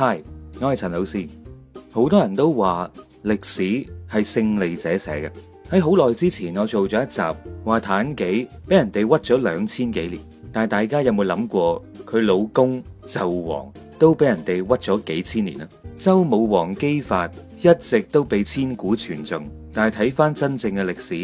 嗨，Hi, 我係陳老師。好多人都話歷史係勝利者寫嘅。喺好耐之前，我做咗一集話妲己俾人哋屈咗兩千幾年，但係大家有冇諗過佢老公紂王都俾人哋屈咗幾千年啊？周武王姬發一直都被千古傳頌，但係睇翻真正嘅歷史，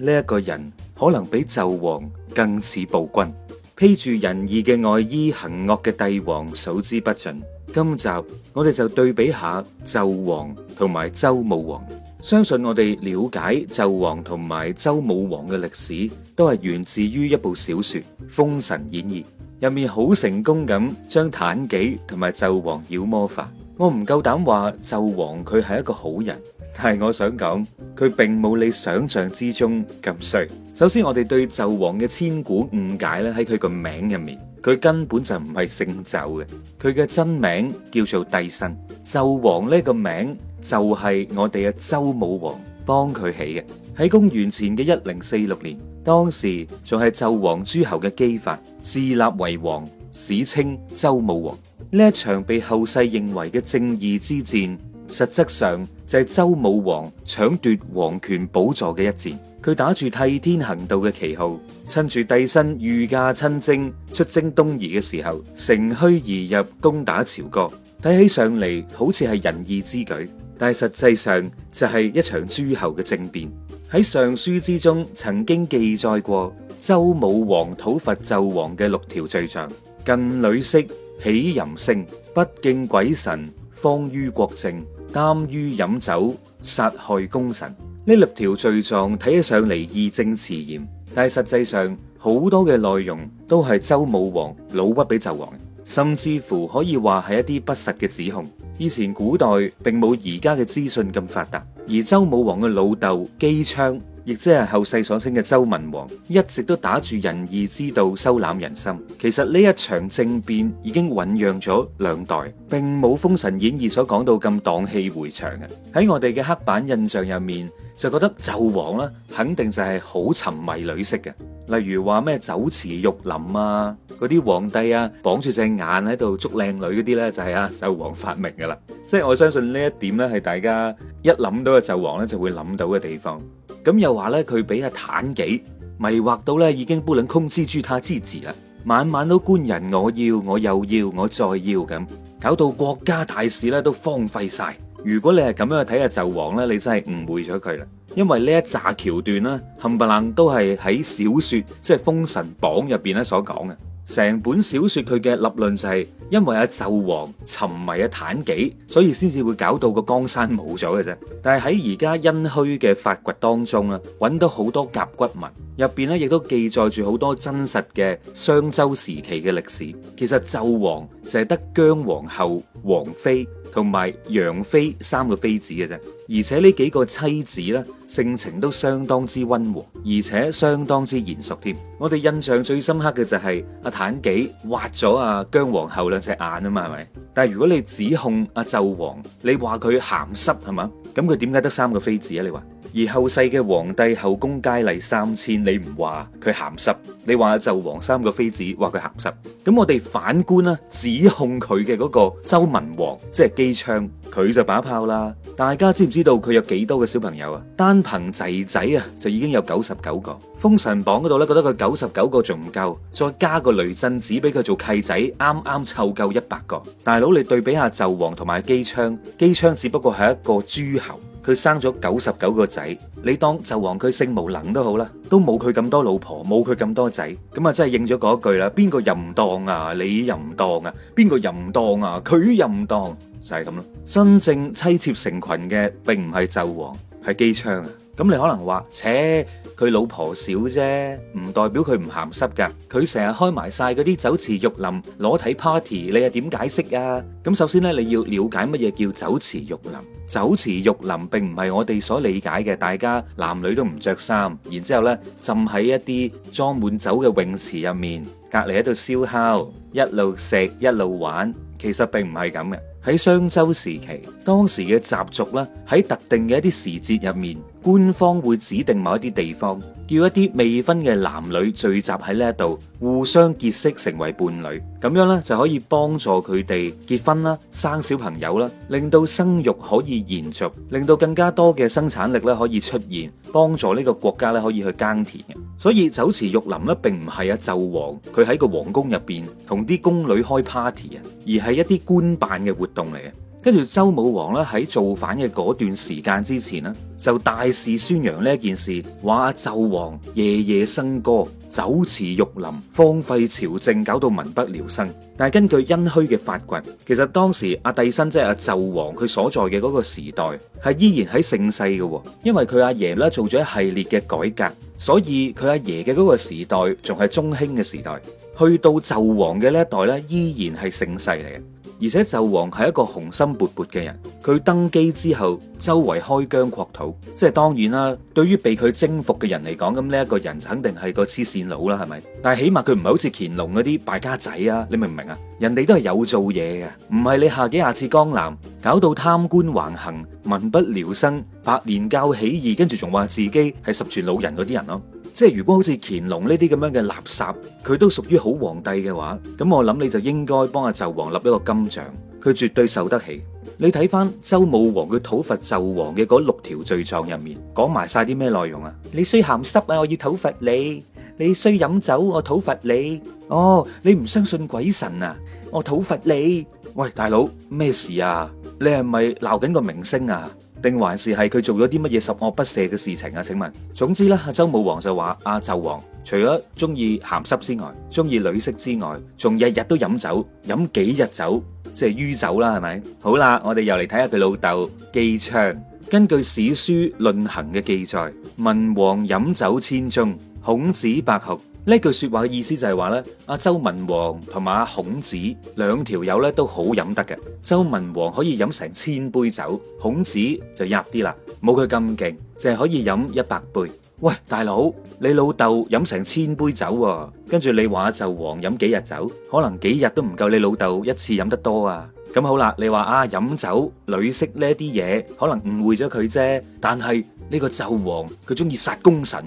呢、這、一個人可能比紂王更似暴君。披住仁義嘅外衣行惡嘅帝王數之不盡。今集我哋就對比下紂王同埋周武王。相信我哋了解紂王同埋周武王嘅歷史，都係源自於一部小說《封神演義》，入面好成功咁將妲己同埋紂王妖魔化。我唔夠膽話紂王佢係一個好人，但係我想講佢並冇你想象之中咁衰。首先，我哋對紂王嘅千古誤解咧，喺佢個名入面，佢根本就唔係姓紂嘅，佢嘅真名叫做帝辛。紂王呢個名就係我哋嘅周武王幫佢起嘅。喺公元前嘅一零四六年，當時仲係紂王諸侯嘅姬發自立為王，史稱周武王。呢一場被後世認為嘅正義之戰，實質上就係周武王搶奪皇權寶座嘅一戰。佢打住替天行道嘅旗號，趁住帝辛御駕親征出征東夷嘅時候，乘虛而入攻打朝歌，睇起上嚟好似係仁義之舉，但係實際上就係一場諸侯嘅政變。喺尚書之中曾經記載過周武王討伐紂王嘅六條罪狀：近女色、喜淫聲，不敬鬼神、荒於國政、耽於飲酒、殺害功臣。呢六條罪狀睇起上嚟，義正辭嚴，但係實際上好多嘅內容都係周武王老屈俾紂王，甚至乎可以話係一啲不實嘅指控。以前古代並冇而家嘅資訊咁發達，而周武王嘅老豆姬昌，亦即係後世所稱嘅周文王，一直都打住仁義之道收攬人心。其實呢一場政變已經醞釀咗兩代，並冇《封神演義》所講到咁蕩氣迴腸嘅。喺我哋嘅黑板印象入面。就覺得紂王咧，肯定就係好沉迷女色嘅。例如話咩酒池肉林啊，嗰啲皇帝啊，綁住隻眼喺度捉靚女嗰啲咧，就係啊紂王發明嘅啦。即係我相信呢一點咧，係大家一諗到嘅紂王咧，就會諗到嘅地方。咁又話咧，佢俾阿妲己迷惑到咧，已經不能空資朱他之治啦，晚晚都官人我要我又要我再要咁，搞到國家大事咧都荒廢晒。如果你係咁樣去睇阿紂王咧，你真係誤會咗佢啦。因為呢一紮橋段咧，冚唪唥都係喺小説，即係《封神榜》入邊咧所講嘅。成本小説佢嘅立論就係因為阿紂王沉迷阿妲己，所以先至會搞到個江山冇咗嘅啫。但係喺而家殷墟嘅發掘當中啦，揾到好多甲骨文，入邊咧亦都記載住好多真實嘅商周時期嘅歷史。其實紂王就係得姜皇后。王妃同埋楊妃三個妃子嘅啫，而且呢幾個妻子呢，性情都相當之溫和，而且相當之賢淑添。我哋印象最深刻嘅就係、是、阿、啊、妲己挖咗阿姜皇后兩隻眼啊嘛，係咪？但係如果你指控阿、啊、紂王，你話佢鹹濕係嘛？咁佢點解得三個妃子啊？你話？而後世嘅皇帝後宮佳麗三千，你唔話佢咸濕，你話紂王三個妃子話佢咸濕，咁我哋反觀啦，指控佢嘅嗰個周文王，即係姬昌，佢就把炮啦。大家知唔知道佢有幾多個小朋友啊？單憑仔仔啊就已經有九十九個，《封神榜》嗰度咧覺得佢九十九個仲唔夠，再加個雷震子俾佢做契仔，啱啱湊夠一百個。大佬你對比下紂王同埋姬昌，姬昌只不過係一個諸侯。佢生咗九十九個仔，你當紂王佢性無能都好啦，都冇佢咁多老婆，冇佢咁多仔，咁啊真係應咗嗰句啦，邊個淫蕩啊，你淫蕩啊，邊個淫蕩啊，佢淫蕩，就係咁咯。真正妻妾成群嘅，並唔係紂王，係姬昌啊。咁你可能話：切佢老婆少啫，唔代表佢唔鹹濕㗎。佢成日開埋晒嗰啲酒池肉林裸體 party，你又點解釋啊？咁首先呢，你要了解乜嘢叫酒池肉林？酒池肉林並唔係我哋所理解嘅，大家男女都唔着衫，然之後呢，浸喺一啲裝滿酒嘅泳池入面，隔離喺度燒烤，一路食一路玩。其實並唔係咁嘅，喺商周時期，當時嘅習俗咧，喺特定嘅一啲時節入面，官方會指定某一啲地方，叫一啲未婚嘅男女聚集喺呢一度，互相結識成為伴侶，咁樣咧就可以幫助佢哋結婚啦、生小朋友啦，令到生育可以延續，令到更加多嘅生產力咧可以出現，幫助呢個國家咧可以去耕田嘅。所以酒池肉林呢並唔係阿紂王佢喺個皇宮入邊同啲宮女開 party 啊，而係一啲官辦嘅活動嚟嘅，跟住周武王咧喺造反嘅嗰段時間之前呢就大肆宣揚呢件事，話紂王夜夜笙歌、酒池肉林、荒廢朝政，搞到民不聊生。但係根據殷墟嘅發掘，其實當時阿帝辛即係阿紂王佢所在嘅嗰個時代係依然喺盛世嘅，哦，因為佢阿爺咧做咗一系列嘅改革，所以佢阿爺嘅嗰個時代仲係中興嘅時代。去到紂王嘅呢一代呢，依然係盛世嚟嘅，而且紂王係一個雄心勃勃嘅人。佢登基之後，周圍開疆擴土，即係當然啦。對於被佢征服嘅人嚟講，咁呢一個人肯定係個黐綫佬啦，係咪？但係起碼佢唔係好似乾隆嗰啲敗家仔啊，你明唔明啊？人哋都係有做嘢嘅，唔係你下幾廿次江南，搞到貪官橫行、民不聊生、白蓮教起義，跟住仲話自己係十全老人嗰啲人咯。即係如果好似乾隆呢啲咁樣嘅垃圾，佢都屬於好皇帝嘅話，咁我諗你就應該幫阿紂王立一個金像，佢絕對受得起。你睇翻周武王佢討伐紂王嘅嗰六條罪狀入面，講埋晒啲咩內容啊？你衰鹹濕啊，我要討伐你！你衰飲酒，我討伐你！哦，你唔相信鬼神啊，我討伐你！喂，大佬咩事啊？你係咪鬧緊個明星啊？定還是係佢做咗啲乜嘢十惡不赦嘅事情呀？請問。總之啦，周武王就話阿紂王除咗鍾意鹹濕之外，鍾意女色之外，仲日日都飲酒，飲幾日酒，即係酗酒啦，係咪？好啦，我哋又嚟睇下佢老豆姬昌。根據史書論衡嘅記載，文王飲酒千鍾，孔子百觚。呢句說話嘅意思就係話呢，阿周文王同埋阿孔子兩條友呢都好飲得嘅。周文王可以飲成千杯酒，孔子就入啲啦，冇佢咁勁，淨係可以飲一百杯。喂，大佬，你老豆飲成千杯酒，跟住，你話阿紂王飲幾日酒，可能幾日都唔夠你老豆一次飲得多啊！咁好啦，你話啊，飲酒、女色呢一啲嘢，可能誤會咗佢啫。但係呢個紂王佢中意殺功臣。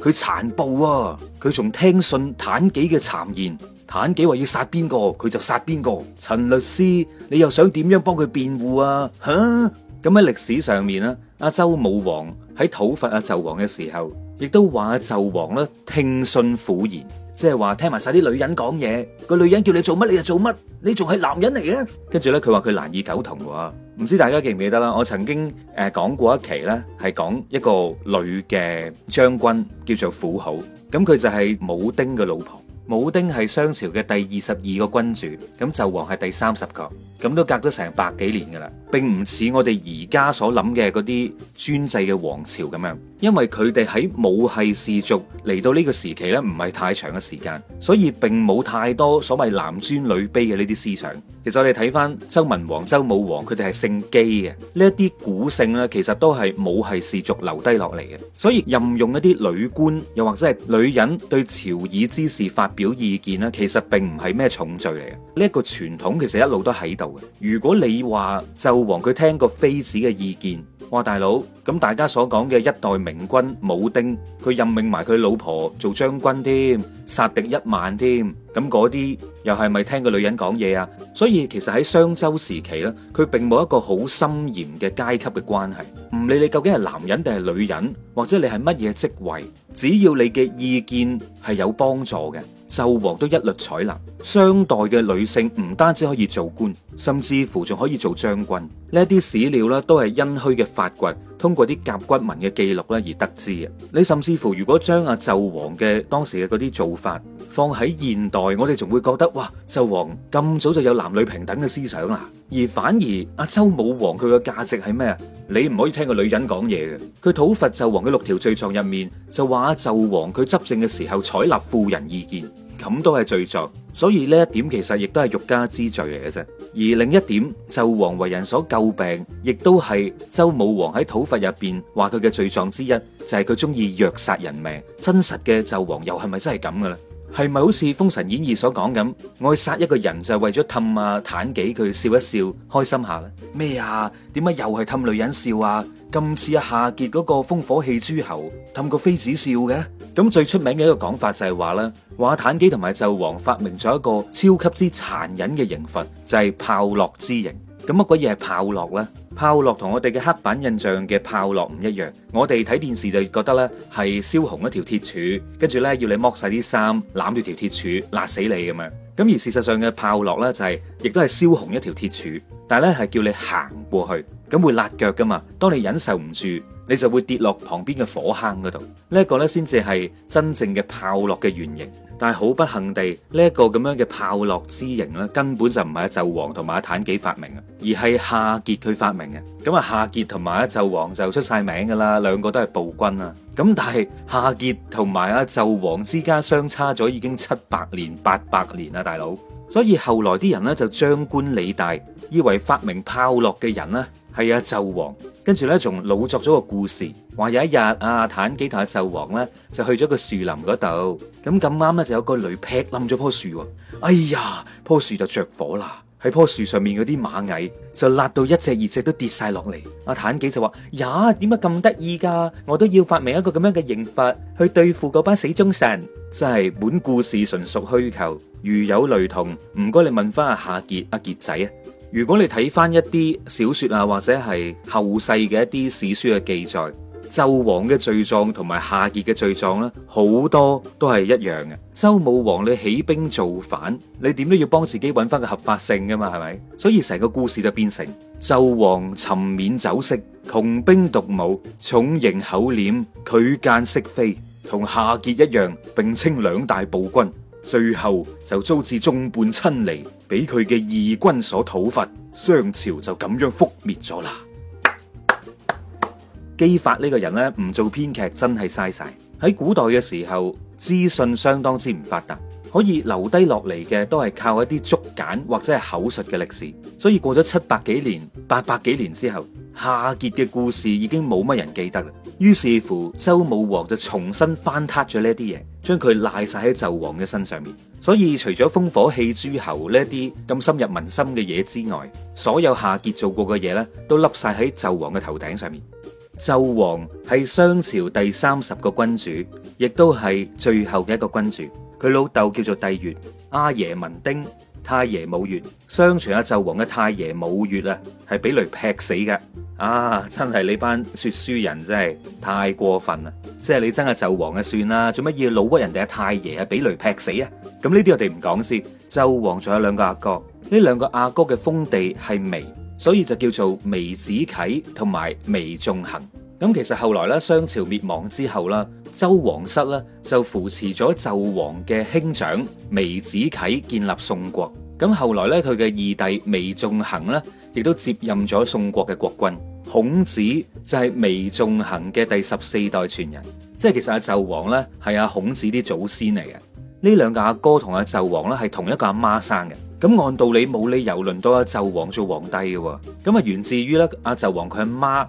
佢殘暴啊！佢仲聽信妲己嘅讒言，妲己話要殺邊個，佢就殺邊個。陳律師，你又想點樣幫佢辯護啊？嚇、啊！咁喺歷史上面啦，阿周武王喺討伐阿紂王嘅時候，亦都話阿紂王啦聽信苦言。即係話聽埋晒啲女人講嘢，個女人叫你做乜你就做乜，你仲係男人嚟嘅。跟住咧，佢話佢難以苟同喎。唔知大家記唔記得啦？我曾經誒講過一期咧，係講一個女嘅將軍叫做婦好，咁佢就係武丁嘅老婆。武丁係商朝嘅第二十二個君主，咁紂王係第三十個，咁都隔咗成百幾年噶啦，並唔似我哋而家所諗嘅嗰啲專制嘅王朝咁樣。因為佢哋喺母系氏族嚟到呢個時期呢，唔係太長嘅時間，所以並冇太多所謂男尊女卑嘅呢啲思想。其實我哋睇返周文王、周武王，佢哋係姓姬嘅，呢一啲古姓呢，其實都係母系氏族留低落嚟嘅。所以任用一啲女官，又或者係女人對朝議之事發表意見呢，其實並唔係咩重罪嚟嘅。呢一個傳統其實一路都喺度嘅。如果你話紂王佢聽過妃子嘅意見。哇大佬，咁，大家所講嘅一代明君武丁，佢任命埋佢老婆做將軍添，殺敵一萬添，咁嗰啲又係咪聽個女人講嘢啊？所以其實喺商周時期呢，佢並冇一個好森嚴嘅階級嘅關係，唔理你究竟係男人定係女人，或者你係乜嘢職位，只要你嘅意見係有幫助嘅。紂王都一律採納，商代嘅女性唔單止可以做官，甚至乎仲可以做將軍。呢啲史料咧，都係殷墟嘅發掘，通過啲甲骨文嘅記錄咧而得知嘅。你甚至乎如果將阿紂王嘅當時嘅嗰啲做法。放喺現代，我哋仲會覺得哇，紂王咁早就有男女平等嘅思想啦。而反而阿周武王佢嘅價值係咩啊？你唔可以聽個女人講嘢嘅。佢討伐紂王嘅六條罪狀入面就話，阿紂王佢執政嘅時候採納婦人意見，咁都係罪狀。所以呢一點其實亦都係欲加之罪嚟嘅啫。而另一點，紂王為人所詬病，亦都係周武王喺討伐入邊話佢嘅罪狀之一，就係佢中意虐殺人命。真實嘅紂王又係咪真係咁嘅咧？係咪好似《封神演義》所講咁？我去殺一個人就係為咗氹阿妲己佢笑一笑，開心下啦？咩啊？點解又係氹女人笑啊？咁似阿夏桀嗰個烽火戲諸侯，氹個妃子笑嘅？咁最出名嘅一個講法就係話啦，話、啊、妲己同埋紂王發明咗一個超級之殘忍嘅刑罰，就係、是、炮烙之刑。咁乜鬼嘢係炮烙咧？炮落，同我哋嘅黑板印象嘅炮落唔一樣，我哋睇電視就覺得呢係燒紅一條鐵柱，跟住呢要你剝晒啲衫，攬住條鐵柱，辣死你咁樣。咁而事實上嘅炮落呢，就係、是，亦都係燒紅一條鐵柱，但係呢係叫你行過去，咁會辣腳噶嘛。當你忍受唔住，你就會跌落旁邊嘅火坑嗰度。這個、呢一個呢先至係真正嘅炮落嘅原型。但係好不幸地，呢、這、一個咁樣嘅炮烙之刑咧，根本就唔係阿紂王同埋阿妲己發明啊，而係夏桀佢發明嘅。咁啊，夏桀同埋阿紂王就出晒名噶啦，兩個都係暴君啊。咁但係夏桀同埋阿紂王之間相差咗已經七百年，八百年啊，大佬。所以後來啲人呢就張冠李戴，以為發明炮烙嘅人呢係阿紂王，跟住呢，仲老作咗個故事。話有一日阿、啊、妲己同阿紂王咧就去咗個樹林嗰度，咁咁啱咧就有個雷劈冧咗棵樹。哎呀，樖樹就着火啦。喺、啊、樖樹上面嗰啲螞蟻就辣到一隻二隻都跌晒落嚟。阿、啊、妲己就話呀，點解咁得意噶？我都要發明一個咁樣嘅刑法去對付嗰班死忠臣。真係本故事純屬虛構，如有雷同，唔該你問翻阿、啊、夏桀阿、啊、桀仔啊。如果你睇翻一啲小說啊，或者係後世嘅一啲史書嘅記載。紂王嘅罪狀同埋夏桀嘅罪狀啦，好多都係一樣嘅。周武王你起兵造反，你點都要幫自己揾翻個合法性噶嘛，係咪？所以成個故事就變成紂王沉湎酒色，窮兵黷武，重刑厚斂，拒諫飾非，同夏桀一樣，並稱兩大暴君，最後就遭致眾叛親離，俾佢嘅義軍所討伐，商朝就咁樣覆滅咗啦。姬發呢個人咧，唔做編劇真係嘥晒。喺古代嘅時候，資訊相當之唔發達，可以留低落嚟嘅都係靠一啲竹簡或者係口述嘅歷史。所以過咗七百幾年八百幾年之後，夏桀嘅故事已經冇乜人記得啦，於是乎周武王就重新翻撻咗呢啲嘢，將佢賴晒喺紂王嘅身上面。所以除咗烽火戲諸侯呢啲咁深入民心嘅嘢之外，所有夏桀做過嘅嘢咧，都笠晒喺紂王嘅頭頂上面。紂王係商朝第三十個君主，亦都係最後嘅一個君主。佢老豆叫做帝乙，阿爺文丁，太爺武乙。相傳阿紂王嘅太爺武乙啊，係俾雷劈死㗎。啊，真係呢班說書人真係太過分啦！即係你真係阿紂王嘅、啊、算啦，做乜要老屈人哋阿太爺啊俾雷劈死啊？咁呢啲我哋唔講先。紂王仲有兩個阿哥，呢兩個阿哥嘅封地係微。所以就叫做微子啟同埋微仲行。咁其實後來咧，商朝滅亡之後啦，周王室啦就扶持咗紂王嘅兄長微子啟建立宋國。咁後來咧，佢嘅二弟微仲行咧，亦都接任咗宋國嘅國君。孔子就係微仲行嘅第十四代傳人。即係其實阿、啊、紂王咧係阿孔子啲祖先嚟嘅。呢兩個阿哥同阿紂王咧係同一個阿媽生嘅。咁按道理冇理由輪到阿紂王做皇帝嘅，咁啊源自於咧阿紂王佢阿媽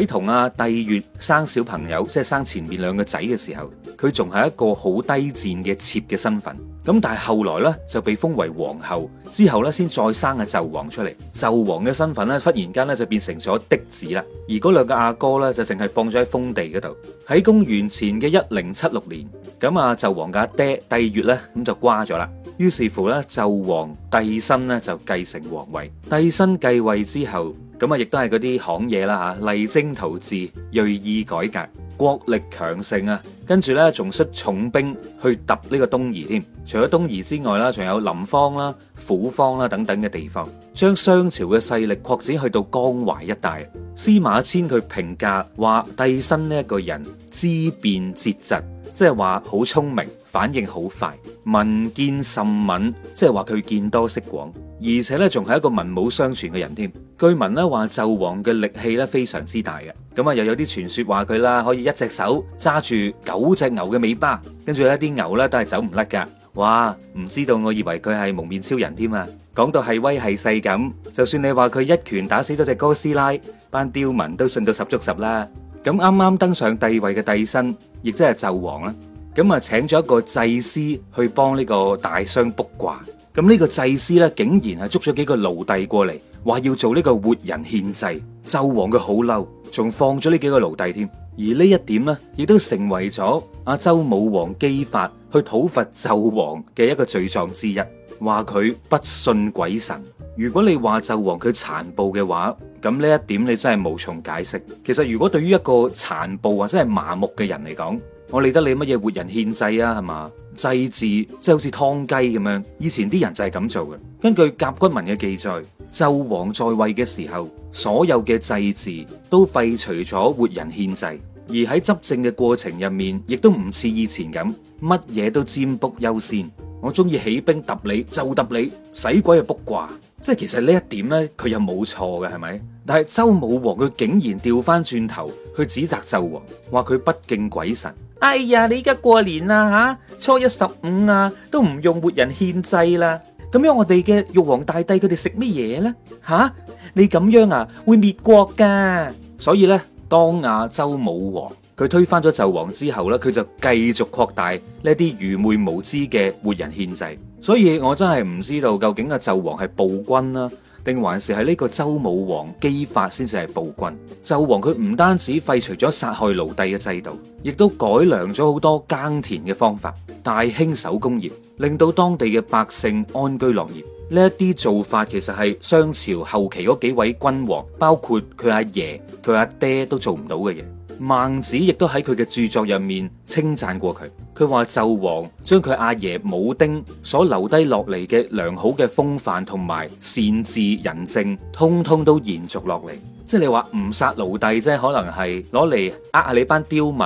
喺同阿帝月生小朋友，即係生前面兩個仔嘅時候，佢仲係一個好低賤嘅妾嘅身份。咁但係後來咧就被封為皇后，之後咧先再生阿紂王出嚟。紂王嘅身份咧忽然間咧就變成咗嫡子啦，而嗰兩個阿哥咧就淨係放咗喺封地嗰度。喺公元前嘅一零七六年，咁阿紂王嘅阿爹帝乙咧咁就瓜咗啦，於是乎咧紂王帝辛咧就繼承皇位。帝辛繼位之後，咁啊亦都係嗰啲行嘢啦吓，勵精圖治，銳意改革。國力強盛啊，跟住呢仲率重兵去揼呢個東夷添。除咗東夷之外啦，仲有林方啦、啊、虎方啦、啊、等等嘅地方，將商朝嘅勢力擴展去到江淮一帶。司馬遷佢評價話：帝辛呢一個人資辨捷疾，即係話好聰明，反應好快，聞見甚敏，即係話佢見多識廣，而且呢仲係一個文武雙全嘅人添。據聞呢話紂王嘅力氣咧非常之大嘅，咁啊又有啲傳說話佢啦可以一隻手揸住九隻牛嘅尾巴，跟住咧啲牛呢都係走唔甩噶。哇，唔知道我以為佢係蒙面超人添啊！講到係威係勢咁，就算你話佢一拳打死咗隻哥斯拉，班刁民都信到十足十啦。咁啱啱登上帝位嘅帝身。亦即係紂王啦，咁啊請咗一個祭司去幫呢個大商卜卦，咁呢個祭司咧竟然係捉咗幾個奴隸過嚟，話要做呢個活人獻祭。紂王佢好嬲，仲放咗呢幾個奴隸添。而呢一點呢，亦都成為咗阿周武王姬發去討伐紂王嘅一個罪狀之一，話佢不信鬼神。如果你話紂王佢殘暴嘅話，咁呢一點你真係無從解釋。其實如果對於一個殘暴或者係麻木嘅人嚟講，我理得你乜嘢活人獻祭啊，係嘛？祭祀就好似劏雞咁樣，以前啲人就係咁做嘅。根據甲骨文嘅記載，紂王在位嘅時候，所有嘅祭祀都廢除咗活人獻祭，而喺執政嘅過程入面，亦都唔似以前咁，乜嘢都占卜優先。我中意起兵揼你，就揼你，使鬼啊卜卦。即係其實呢一點呢，佢又冇錯嘅，係咪？但係周武王佢竟然調翻轉頭去指責紂王，話佢不敬鬼神。哎呀，你而家過年啦吓，初一十五啊，都唔用活人獻祭啦。咁樣我哋嘅玉皇大帝佢哋食乜嘢呢？吓，你咁樣啊，會滅國噶。所以呢，當亞周武王佢推翻咗紂王之後呢，佢就繼續擴大呢啲愚昧無知嘅活人獻祭。所以我真係唔知道究竟阿、啊、紂王係暴君啦、啊。定還是係呢個周武王姬發先至係暴君。紂王佢唔單止廢除咗殺害奴隸嘅制度，亦都改良咗好多耕田嘅方法，大興手工業，令到當地嘅百姓安居樂業。呢一啲做法其實係商朝後期嗰幾位君王，包括佢阿爺、佢阿爹都做唔到嘅嘢。孟子亦都喺佢嘅著作入面稱讚過佢。佢話紂王將佢阿爺武丁所留低落嚟嘅良好嘅風範同埋善治仁政，通通都延續落嚟。即係你話唔殺奴隸啫，可能係攞嚟呃下你班刁民，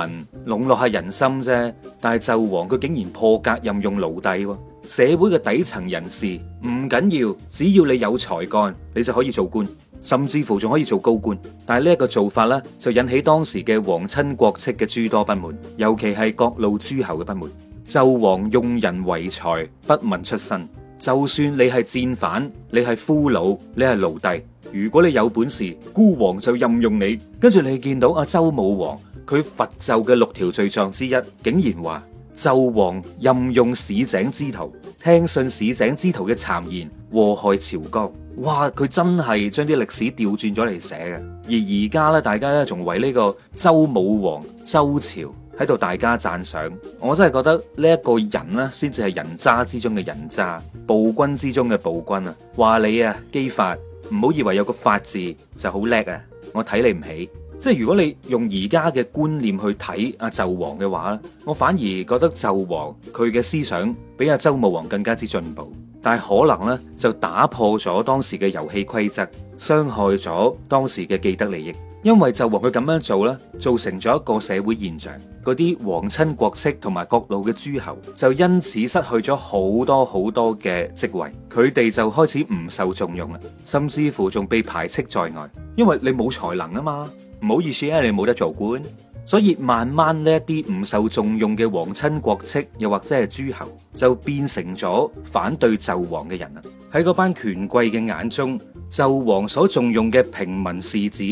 籠絡下人心啫。但係紂王佢竟然破格任用奴隸啊。社會嘅底層人士唔緊要，只要你有才幹，你就可以做官。甚至乎仲可以做高官，但係呢一個做法呢，就引起當時嘅皇親國戚嘅諸多不滿，尤其係各路諸侯嘅不滿。紂王用人為才，不問出身，就算你係戰犯，你係俘虜，你係奴隸，如果你有本事，孤王就任用你。跟住你見到阿周武王，佢伐紂嘅六條罪狀之一，竟然話紂王任用市井之徒，聽信市井之徒嘅讒言，禍害朝綱。哇！佢真係將啲歷史調轉咗嚟寫嘅，而而家咧，大家咧仲為呢個周武王、周朝喺度大家讚賞，我真係覺得呢一個人咧，先至係人渣之中嘅人渣，暴君之中嘅暴君啊！話你啊，姬發，唔好以為有個法治就好叻啊！我睇你唔起。即係如果你用而家嘅觀念去睇阿紂王嘅話咧，我反而覺得紂王佢嘅思想比阿、啊、周武王更加之進步。但係可能咧，就打破咗當時嘅遊戲規則，傷害咗當時嘅既得利益。因為紂王佢咁樣做咧，造成咗一個社會現象，嗰啲皇親國戚同埋各路嘅諸侯就因此失去咗好多好多嘅職位，佢哋就開始唔受重用啦，甚至乎仲被排斥在外，因為你冇才能啊嘛，唔好意思啊，你冇得做官。所以慢慢呢一啲唔受重用嘅皇親國戚，又或者係諸侯，就變成咗反對紂王嘅人啦。喺嗰班權貴嘅眼中，紂王所重用嘅平民士子，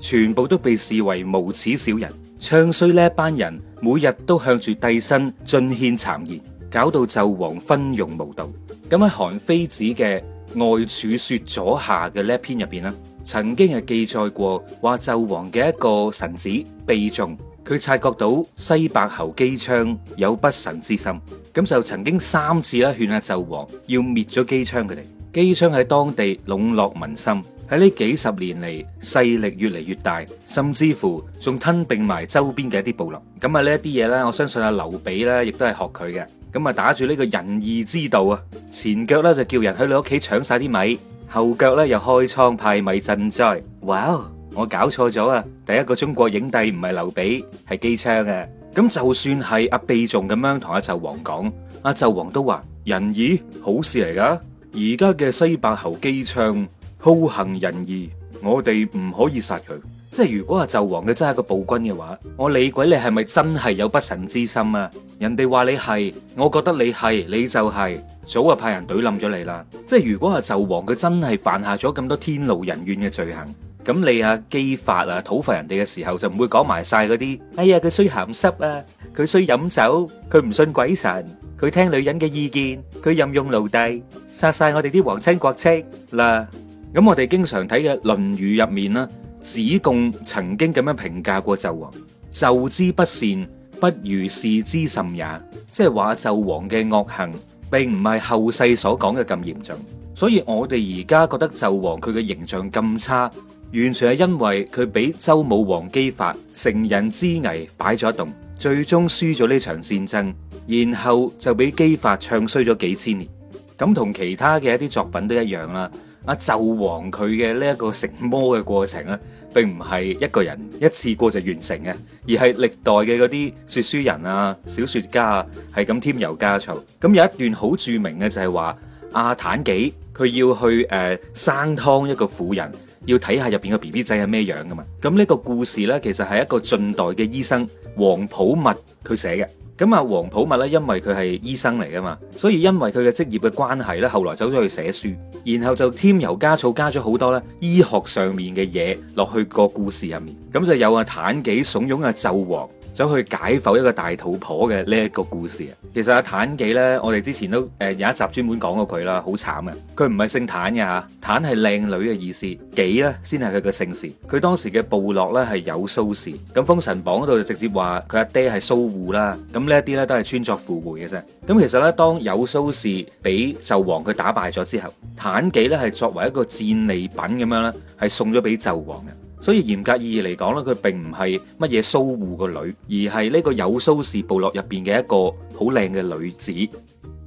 全部都被視為無恥小人。唱衰呢一班人，每日都向住帝辛進獻讒言，搞到紂王昏庸無道。咁喺韓非子嘅《外儲說左下》嘅呢一篇入邊啦。曾經係記載過話，紂王嘅一個臣子被仲，佢察覺到西伯侯姬昌有不臣之心，咁就曾經三次咧勸阿紂王要滅咗姬昌佢哋。姬昌喺當地籠絡民心，喺呢幾十年嚟，勢力越嚟越大，甚至乎仲吞併埋周邊嘅一啲部落。咁啊呢一啲嘢呢，我相信阿劉備呢亦都係學佢嘅。咁啊打住呢個仁義之道啊，前腳咧就叫人去你屋企搶晒啲米。後腳咧又開倉派米賑災，哇！Wow, 我搞錯咗啊！第一個中國影帝唔係劉備，係姬昌嘅。咁就算係阿費仲咁樣同阿紂王講，阿紂王都話仁義好事嚟㗎，而家嘅西伯侯姬昌好行仁義，我哋唔可以殺佢。即係如果阿紂王佢真係個暴君嘅話，我理鬼你係咪真係有不臣之心啊？人哋話你係，我覺得你係，你就係早就派人懟冧咗你啦。即係如果阿紂王佢真係犯下咗咁多天怒人怨嘅罪行，咁你啊，姬發啊，討伐人哋嘅時候就唔會講埋晒嗰啲哎呀，佢衰鹹濕啊，佢衰飲酒，佢唔信鬼神，佢聽女人嘅意見，佢任用奴隸，殺晒我哋啲皇親國戚啦。咁我哋經常睇嘅《論語》入面啦。子貢曾經咁樣評價過紂王：「紂之不善，不如是之甚也。即係話紂王嘅惡行，並唔係後世所講嘅咁嚴重。所以我哋而家覺得紂王佢嘅形象咁差，完全係因為佢俾周武王姬發乘人之危，擺咗一動，最終輸咗呢場戰爭，然後就俾姬發唱衰咗幾千年。咁同其他嘅一啲作品都一樣啦。阿紂王佢嘅呢一個食魔嘅過程啊，並唔係一個人一次過就完成嘅，而係歷代嘅嗰啲說書人啊、小說家啊，係咁添油加醋。咁有一段好著名嘅就係話阿妲己佢要去誒、呃、生湯一個婦人，要睇下，入邊個 B B 仔係咩樣噶嘛。咁呢個故事咧，其實係一個晉代嘅醫生皇甫謐佢寫嘅。咁啊，皇甫謐咧，因為佢係醫生嚟噶嘛，所以因為佢嘅職業嘅關係咧，後來走咗去寫書，然後就添油加醋加咗好多咧醫學上面嘅嘢落去個故事入面，咁就有啊，妲己慫恿啊，紂王。想去解剖一個大肚婆嘅呢一個故事啊！其實阿、啊、妲己呢，我哋之前都誒、呃、有一集專門講過佢啦，好慘嘅。佢唔係姓妲嘅嚇，妲係靚女嘅意思，己呢先係佢嘅姓氏。佢當時嘅部落呢係有蘇氏，咁《封神榜》嗰度就直接話佢阿爹係蘇護啦。咁呢一啲呢都係穿鑿附會嘅啫。咁其實呢，當有蘇氏俾紂王佢打敗咗之後，妲己呢係作為一個戰利品咁樣咧，係送咗俾紂王嘅。所以嚴格意義嚟講咧，佢並唔係乜嘢蘇護個女，而係呢個有蘇氏部落入邊嘅一個好靚嘅女子。咁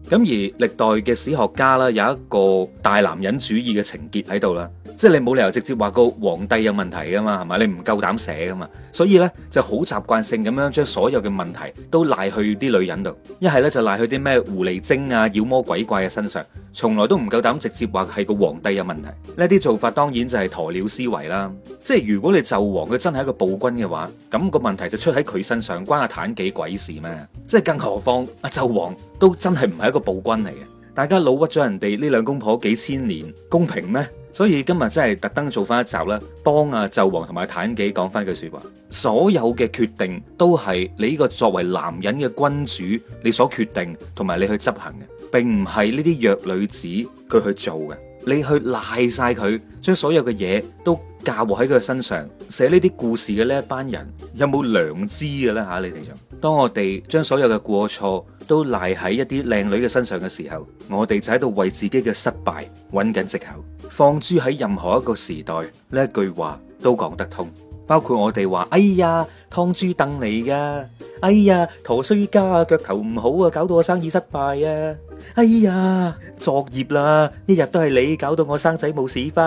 而歷代嘅史學家啦，有一個大男人主義嘅情結喺度啦。即係你冇理由直接話個皇帝有問題噶嘛，係嘛？你唔夠膽寫噶嘛，所以咧就好習慣性咁樣將所有嘅問題都賴去啲女人度，一係咧就賴去啲咩狐狸精啊、妖魔鬼怪嘅身上，從來都唔夠膽直接話係個皇帝有問題。呢啲做法當然就係鴕鳥思維啦。即係如果你紂王佢真係一個暴君嘅話，咁個問題就出喺佢身上，關阿妲己鬼事咩？即係更何況阿紂王都真係唔係一個暴君嚟嘅，大家老屈咗人哋呢兩公婆幾千年，公平咩？所以今日真係特登做翻一集啦，幫阿、啊、紂王同埋妲己講翻句說話。所有嘅決定都係你呢個作為男人嘅君主，你所決定同埋你去執行嘅，並唔係呢啲弱女子佢去做嘅。你去賴晒佢，將所有嘅嘢都嫁禍喺佢身上，寫呢啲故事嘅呢一班人有冇良知嘅咧？吓、啊，你哋就當我哋將所有嘅過錯都賴喺一啲靚女嘅身上嘅時候，我哋就喺度為自己嘅失敗揾緊藉口。放諸喺任何一個時代，呢句話都講得通，包括我哋話：哎呀，劏豬凳嚟㗎；哎呀，陀衰家腳頭唔好啊，搞到我生意失敗啊；哎呀，作孽啦，一日都係你搞到我生仔冇屎忽，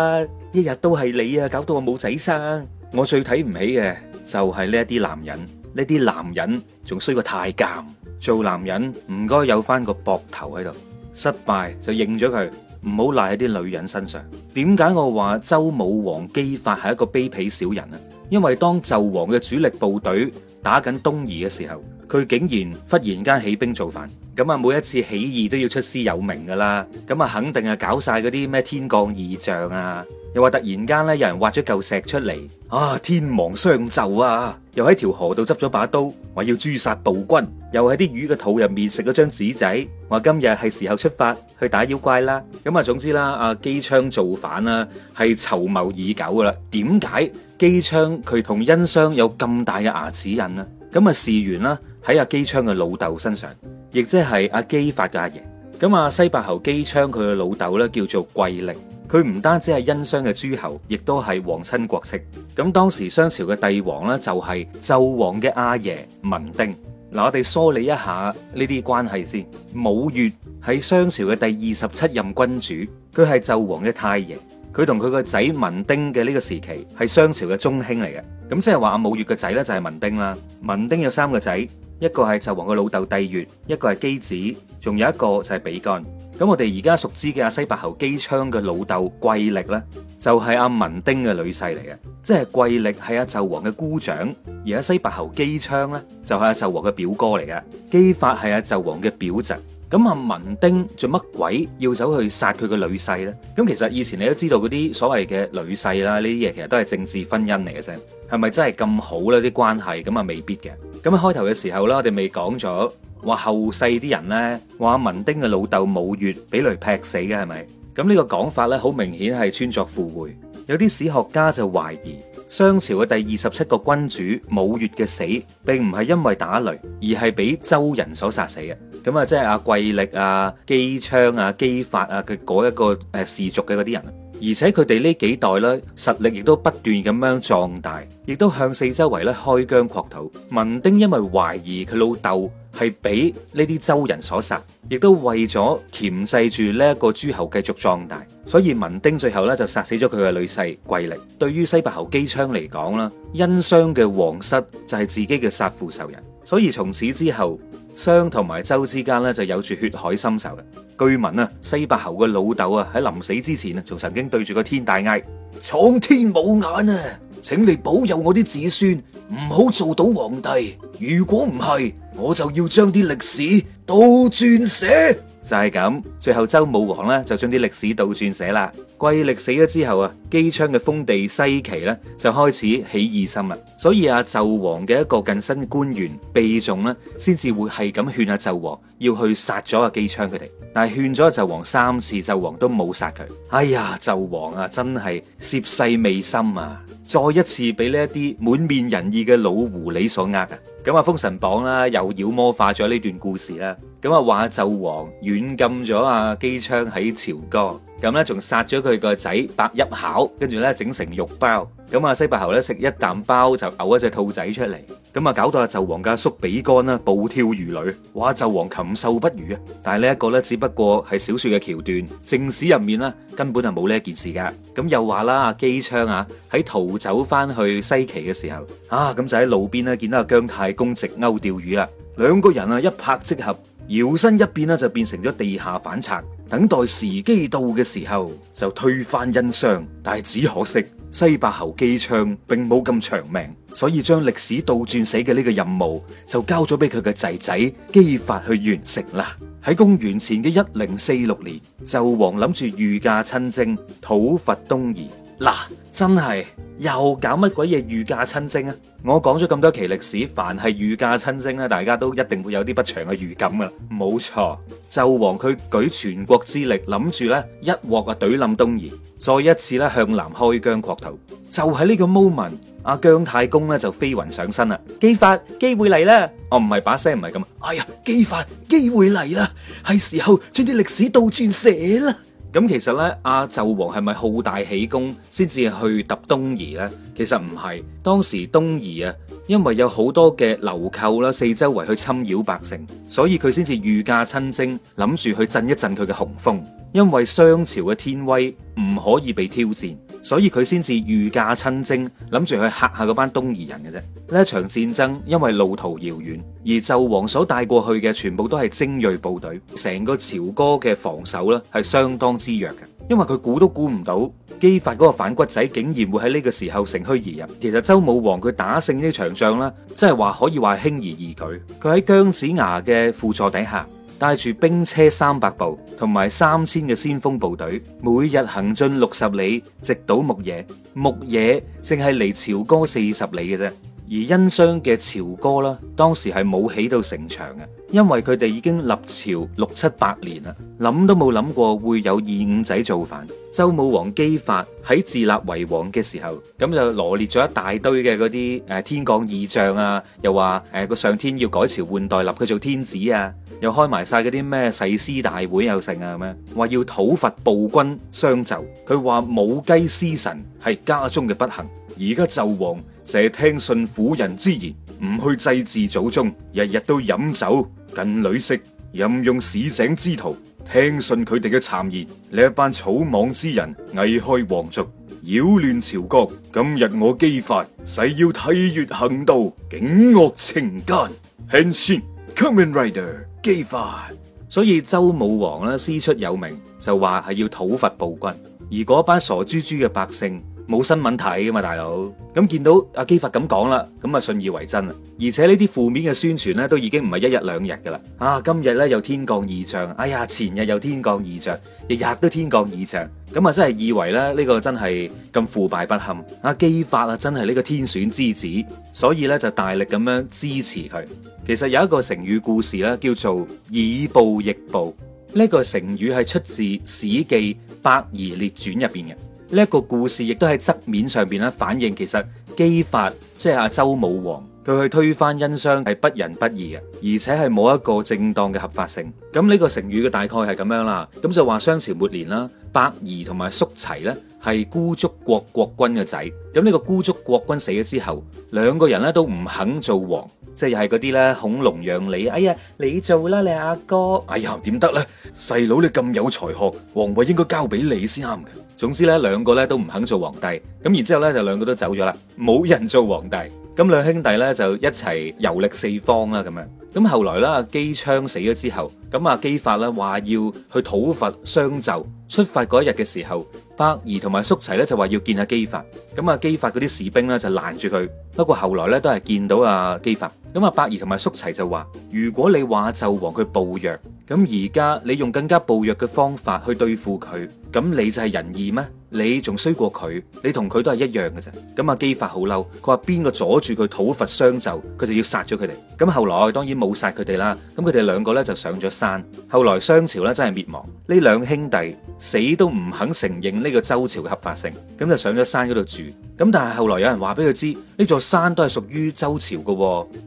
一日都係你啊，搞到我冇仔生。我最睇唔起嘅就係呢啲男人，呢啲男人仲衰過太監。做男人唔該有返個膊頭喺度，失敗就認咗佢。唔好賴喺啲女人身上。點解我話周武王姬發係一個卑鄙小人呢？因為當紂王嘅主力部隊打緊東夷嘅時候，佢竟然忽然間起兵造反。咁啊，每一次起義都要出師有名噶啦。咁啊，肯定係搞晒嗰啲咩天降異象啊，又話突然間咧有人挖咗嚿石出嚟啊，天亡商紂啊，又喺條河度執咗把刀，話要誅殺暴君，又喺啲魚嘅肚入面食咗張紙仔，話今日係時候出發。去打妖怪啦，咁啊，總之啦，阿姬昌造反、啊、籌啦，係籌謀已久噶啦。點解姬昌佢同殷商有咁大嘅牙齒印呢？咁啊，事緣啦，喺阿姬昌嘅老豆身上，亦即係阿姬發嘅阿爺。咁啊，西伯侯姬昌佢嘅老豆呢，叫做季歷。佢唔單止係殷商嘅諸侯，亦都係皇親國戚。咁、啊、當時商朝嘅帝王呢，就係、是、紂王嘅阿爺文丁。嗱，我哋梳理一下呢啲關係先。武乙係商朝嘅第二十七任君主，佢係紂王嘅太爺，佢同佢個仔文丁嘅呢個時期係商朝嘅中興嚟嘅。咁即係話阿武乙個仔呢就係文丁啦，文丁有三個仔，一個係紂王嘅老豆帝乙，一個係箕子，仲有一個就係比干。咁我哋而家熟知嘅阿西伯侯姬昌嘅老豆季歷咧，就係、是、阿、啊、文丁嘅女婿嚟嘅，即係季歷係阿紂王嘅姑丈。而阿、啊、西伯侯姬昌咧就係阿紂王嘅表哥嚟嘅，姬發係阿紂王嘅表侄，咁阿、啊、文丁做乜鬼要走去殺佢嘅女婿咧？咁其實以前你都知道嗰啲所謂嘅女婿啦，呢啲嘢其實都係政治婚姻嚟嘅啫，係咪真係咁好咧啲關係？咁啊未必嘅。咁喺開頭嘅時候啦，我哋未講咗。話後世啲人呢，話文丁嘅老豆武乙俾雷劈死嘅係咪？咁呢個講法呢，好明顯係穿鑿附會。有啲史學家就懷疑商朝嘅第二十七個君主武乙嘅死，並唔係因為打雷，而係俾周人所殺死嘅。咁啊，即係阿季歷啊、姬昌啊、姬發啊嘅嗰一個誒氏族嘅嗰啲人。而且佢哋呢幾代咧，實力亦都不斷咁樣壯大，亦都向四周圍咧，開疆擴土。文丁因為懷疑佢老豆係俾呢啲周人所殺，亦都為咗鉗制住呢一個諸侯繼續壯大，所以文丁最後咧，就殺死咗佢嘅女婿季歷。對於西伯侯姬昌嚟講啦，殷商嘅皇室就係自己嘅殺父仇人，所以從此之後，商同埋周之間呢就有住血海深仇嘅，據聞啊，西伯侯嘅老豆啊喺臨死之前啊，仲曾經對住個天大嗌：蒼天冇眼啊，請你保佑我啲子孫唔好做到皇帝，如果唔係，我就要將啲歷史倒轉寫。就係咁，最後周武王呢，就將啲歷史倒轉寫啦。季歷死咗之後啊，姬昌嘅封地西岐呢，就開始起義心啦。所以啊，紂王嘅一個近身官員被仲呢，先至會係咁勸阿紂王要去殺咗阿姬昌佢哋。但係勸咗阿紂王三次，紂王都冇殺佢。哎呀，紂王啊，真係涉世未深啊，再一次俾呢一啲滿面仁義嘅老狐狸所呃啊！咁啊，《封神榜》啦，又妖魔化咗呢段故事啦。咁啊，話紂王軟禁咗阿姬昌喺朝歌。咁呢，仲殺咗佢個仔伯邑考，跟住呢整成肉包。咁啊，西伯侯呢，食一啖包就嘔一隻兔仔出嚟。咁啊，搞到阿紂王嘅叔比干啦，暴跳如雷。哇！紂王禽獸不如啊！但係呢一個呢，只不過係小說嘅橋段，正史入面呢，根本就冇呢一件事噶。咁又話啦，姬昌啊喺逃走翻去西岐嘅時候啊，咁就喺路邊呢見到阿姜太公直鈎釣魚啦，兩個人啊一拍即合，搖身一變呢，就變成咗地下反賊，等待時機到嘅時候就推翻殷商，但係只可惜西伯侯姬昌並冇咁長命，所以將歷史倒轉死嘅呢個任務就交咗俾佢嘅仔仔姬發去完成啦。喺公元前嘅一零四六年，紂王諗住御駕親征討伐東夷。嗱，真係又搞乜鬼嘢御駕親征啊！我講咗咁多期歷史，凡係御駕親征咧，大家都一定會有啲不祥嘅預感噶啦。冇錯，紂王佢舉全國之力，諗住咧一鑊啊懟冧東夷，再一次咧向南開疆擴土。就喺呢個 moment，阿姜太公咧就飛雲上身啦，姬發，機會嚟啦！哦，唔係把聲唔係咁，哎呀，姬發，機會嚟啦，係時候將啲歷史倒轉寫啦。咁其實呢，阿紂王係咪好大喜功先至去揼東夷呢？其實唔係，當時東夷啊，因為有好多嘅流寇啦，四周圍去侵擾百姓，所以佢先至御駕親征，諗住去震一震佢嘅雄風，因為商朝嘅天威唔可以被挑戰。所以佢先至御駕親征，諗住去嚇吓下嗰班東夷人嘅啫。呢一場戰爭，因為路途遙遠，而紂王所帶過去嘅全部都係精銳部隊，成個朝歌嘅防守呢係相當之弱嘅。因為佢估都估唔到，姬發嗰個反骨仔竟然會喺呢個時候乘虛而入。其實周武王佢打勝呢場仗呢，即係話可以話輕而易舉。佢喺姜子牙嘅輔助底下。帶住兵車三百部，同埋三千嘅先鋒部隊，每日行進六十里，直到牧野。牧野淨係離朝歌四十里嘅啫。而殷商嘅朝歌啦，當時係冇起到城牆嘅，因為佢哋已經立朝六七百年啦，諗都冇諗過會有二五仔造反。周武王姬發喺自立為王嘅時候，咁就羅列咗一大堆嘅嗰啲誒天降異象啊，又話誒個上天要改朝換代，立佢做天子啊，又開埋晒嗰啲咩誓師大會又剩啊，咁樣話要討伐暴君商紂，佢話母雞司晨係家中嘅不幸。而家紂王成日聽信婦人之言，唔去祭祀祖宗，日日都飲酒、近女色，任用市井之徒，聽信佢哋嘅讒言。呢一班草莽之人危害皇族，擾亂朝局。今日我姬發誓要替月行道，警惡懲奸。先仙 Kamen Rider 姬發。所以周武王呢，師出有名，就話係要討伐暴君，而嗰班傻豬豬嘅百姓。冇新聞睇噶嘛，大佬咁見到阿姬發咁講啦，咁啊信以為真啊！而且呢啲負面嘅宣傳咧，都已經唔係一日兩日噶啦啊！今日咧又天降異象，哎呀，前日又天降異象，日日都天降異象，咁啊真係以為咧呢、呢個真係咁腐敗不堪，阿姬發啊真係呢個天選之子，所以咧就大力咁樣支持佢。其實有一個成語故事咧叫做以暴易暴，呢、呢個成語係出自《史記伯夷列傳面》入邊嘅。呢一個故事亦都喺側面上邊咧反映，其實姬發即係阿周武王，佢去推翻殷商係不仁不義嘅，而且係冇一個正當嘅合法性。咁呢個成語嘅大概係咁樣啦。咁就話商朝末年啦，伯夷同埋叔齊呢係孤竹國國君嘅仔。咁呢個孤竹國君死咗之後，兩個人咧都唔肯做王，即係又係嗰啲咧孔融讓你，哎呀你做啦你阿、啊、哥，哎呀點得呢？細佬你咁有才學，王位應該交俾你先啱嘅。總之呢，兩個呢都唔肯做皇帝，咁，然之後呢，就兩個都走咗啦，冇人做皇帝。咁，兩兄弟呢，就一齊遊歷四方啦，咁樣。咁，後來呢，姬昌死咗之後，咁，姬發呢，話要去討伐商紂，出發嗰日嘅時候，伯夷同埋叔齊呢，就話要見下姬發。咁，姬發嗰啲士兵呢，就攔住佢。不過，後來呢，都係見到姬發。咁，伯夷同埋叔齊就話，如果你話紂王佢暴虐，咁，而家你用更加暴虐嘅方法去對付佢，咁你就係仁義咩？你仲衰過佢？你同佢都係一樣嘅啫。咁阿姬發好嬲，佢話邊個阻住佢討伐商紂，佢就要殺咗佢哋。咁後來當然冇殺佢哋啦。咁佢哋兩個呢就上咗山。後來商朝呢真係滅亡。呢兩兄弟死都唔肯承認呢個周朝嘅合法性，咁就上咗山嗰度住。咁但係後來有人話俾佢知呢座山都係屬於周朝嘅。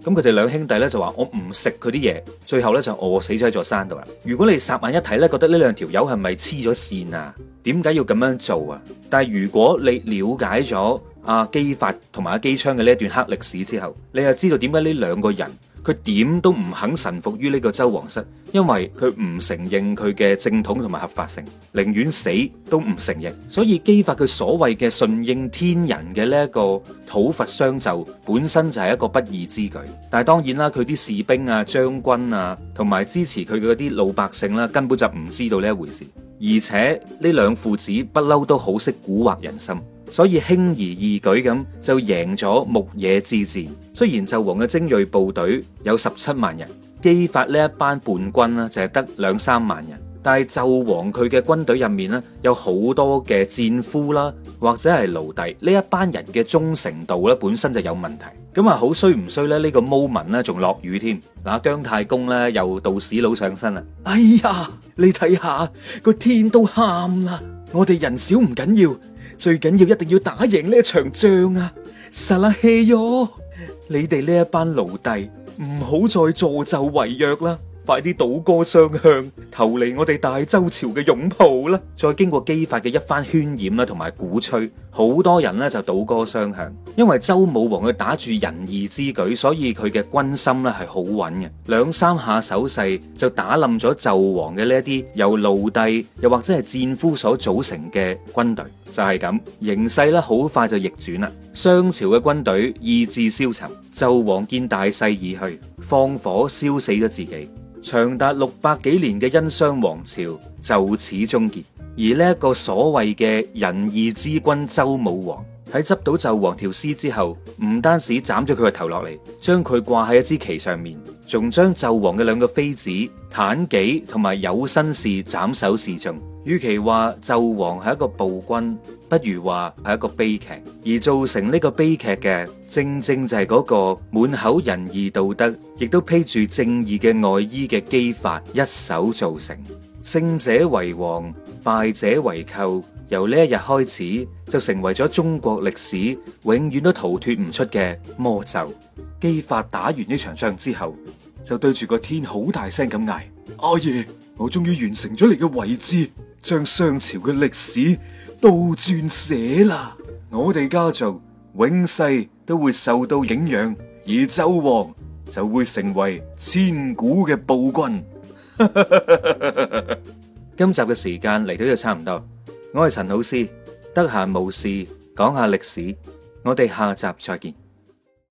咁佢哋兩兄弟呢就話我唔食佢啲嘢，最後呢就餓死咗喺座山度啦。如果你霎眼一睇呢，覺得呢兩條友係咪黐咗線啊？點解要咁樣做啊？但係如果你了解咗阿姬發同埋阿姬昌嘅呢一段黑歷史之後，你就知道點解呢兩個人？佢點都唔肯臣服於呢個周王室，因為佢唔承認佢嘅正統同埋合法性，寧願死都唔承認。所以激發佢所謂嘅順應天人嘅呢一個討伐商紂，本身就係一個不義之舉。但係當然啦，佢啲士兵啊、將軍啊，同埋支持佢嘅啲老百姓啦、啊，根本就唔知道呢一回事。而且呢兩父子不嬲都好識蠱惑人心。所以輕而易舉咁就贏咗牧野之戰。雖然紂王嘅精銳部隊有十七萬人，激發呢一班叛軍啦，就係得兩三萬人。但係紂王佢嘅軍隊入面咧，有好多嘅戰俘啦，或者係奴隸，呢一班人嘅忠誠度咧，本身就有問題。咁啊，好衰唔衰咧？呢個毛民咧，仲落雨添嗱。姜太公咧，又道士佬上身啦。哎呀，你睇下個天都喊啦，我哋人少唔緊要。最緊要一定要打贏呢一場仗啊！沙拉希喲，你哋呢一班奴隸唔好再助紂為虐啦！快啲倒戈相向，投嚟我哋大周朝嘅擁抱啦！再經過姬發嘅一番渲染啦，同埋鼓吹，好多人呢就倒戈相向，因為周武王佢打住仁義之舉，所以佢嘅軍心呢係好穩嘅。兩三下手勢就打冧咗紂王嘅呢一啲由奴隸又或者係戰俘所組成嘅軍隊，就係咁形勢咧好快就逆轉啦！商朝嘅軍隊意志消沉，紂王見大勢已去。放火燒死咗自己，長達六百幾年嘅殷商王朝就此終結。而呢一個所謂嘅仁義之君周武王喺執到紂王條屍之後，唔單止斬咗佢個頭落嚟，將佢掛喺一支旗上面，仲將紂王嘅兩個妃子妲己同埋有身事斬首示眾。與其話紂王係一個暴君。不如話係一個悲劇，而造成呢個悲劇嘅，正正就係嗰個滿口仁義道德，亦都披住正義嘅外衣嘅姬發一手造成。勝者為王，敗者為寇，由呢一日開始就成為咗中國歷史永遠都逃脫唔出嘅魔咒。姬發打完呢場仗之後，就對住個天好大聲咁嗌：阿爺，我終於完成咗你嘅遺志，將商朝嘅歷史。杜撰寫啦！我哋家族永世都會受到影響，而周王就會成為千古嘅暴君。今集嘅時間嚟到就差唔多，我係陳老師，得閒無事講下歷史，我哋下集再見。